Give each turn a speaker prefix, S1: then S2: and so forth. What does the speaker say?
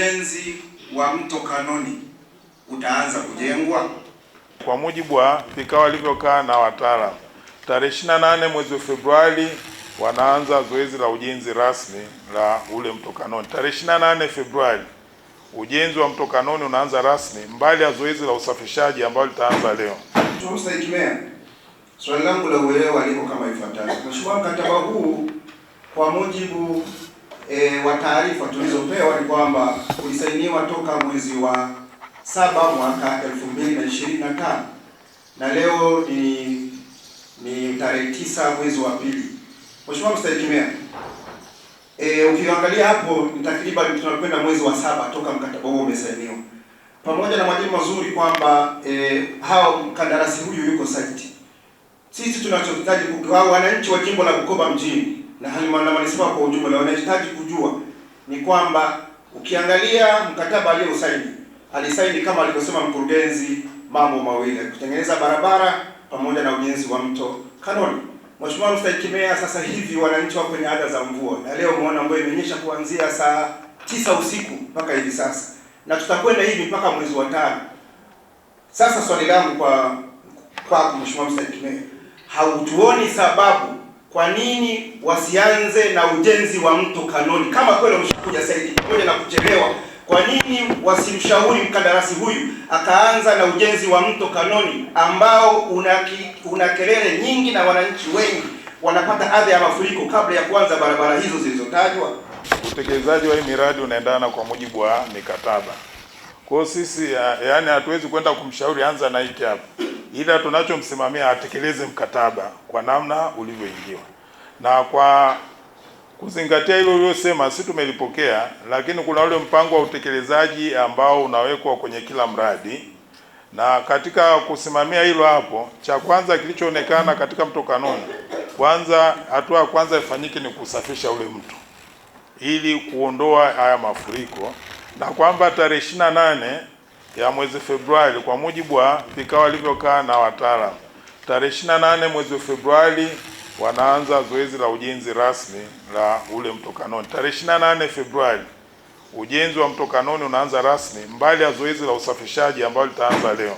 S1: ujenzi wa mto Kanoni utaanza kujengwa
S2: kwa mujibu wa vikao walivyokaa na wataalamu. Tarehe 28 mwezi wa Februari wanaanza zoezi la ujenzi rasmi la ule mto Kanoni. Tarehe 28 Februari ujenzi wa mto Kanoni unaanza rasmi, mbali ya zoezi la usafishaji ambalo litaanza leo.
S1: Swali langu la uelewa liko kama ifuatavyo. Mheshimiwa, mkataba huu kwa mujibu e, wa taarifa tulizopewa ni kwamba ulisainiwa toka mwezi wa saba mwaka 2025 na leo ni, ni tarehe tisa mwezi wa pili. Mheshimiwa Mstahiki Meya, e, ukiangalia hapo ni takriban tunakwenda mwezi wa saba toka mkataba huo umesainiwa, pamoja na majibu mazuri kwamba e, hao mkandarasi huyu yuko site. Sisi tunachohitaji kujua, wananchi wa jimbo la Bukoba mjini na halmashauri ya manispaa kwa ujumla wanahitaji kujua ni kwamba Ukiangalia mkataba aliyosaini, alisaini kama alivyosema mkurugenzi, mambo mawili, kutengeneza barabara pamoja na ujenzi wa mto Kanoni. Mheshimiwa Mstahiki Meya, sasa hivi wananchi wako kwenye ada za mvua, na leo umeona mvua imeonyesha kuanzia saa tisa usiku mpaka hivi sasa, na tutakwenda hivi mpaka mwezi wa tano. Sasa swali langu kwa kwako Mheshimiwa Mstahiki Meya, hautuoni sababu kwa nini wasianze na ujenzi wa mto Kanoni kama kweli umeshakuja saidi, pamoja na kuchelewa? Kwa nini wasimshauri mkandarasi huyu akaanza na ujenzi wa mto Kanoni ambao una, kelele nyingi na wananchi wengi wanapata adha ya mafuriko kabla ya kuanza barabara hizo zilizotajwa?
S2: Utekelezaji wa hii miradi unaendana kwa mujibu wa mikataba. Kwa hiyo sisi ya, yani hatuwezi kwenda kumshauri anza na hiki hapa ila tunachomsimamia atekeleze mkataba kwa namna ulivyoingiwa, na kwa kuzingatia hilo uliosema, si tumelipokea, lakini kuna ule mpango wa utekelezaji ambao unawekwa kwenye kila mradi, na katika kusimamia hilo hapo, cha kwanza kilichoonekana katika mto Kanoni, kwanza, hatua ya kwanza ifanyike ni kusafisha ule mto ili kuondoa haya mafuriko, na kwamba tarehe ishirini na nane ya mwezi Februari kwa mujibu wa vikao walivyokaa na wataalamu. Tarehe nane mwezi wa Februari wanaanza zoezi la ujenzi rasmi la ule mto Kanoni. Tarehe nane Februari ujenzi wa mto Kanoni unaanza rasmi, mbali ya zoezi la usafishaji ambalo litaanza leo.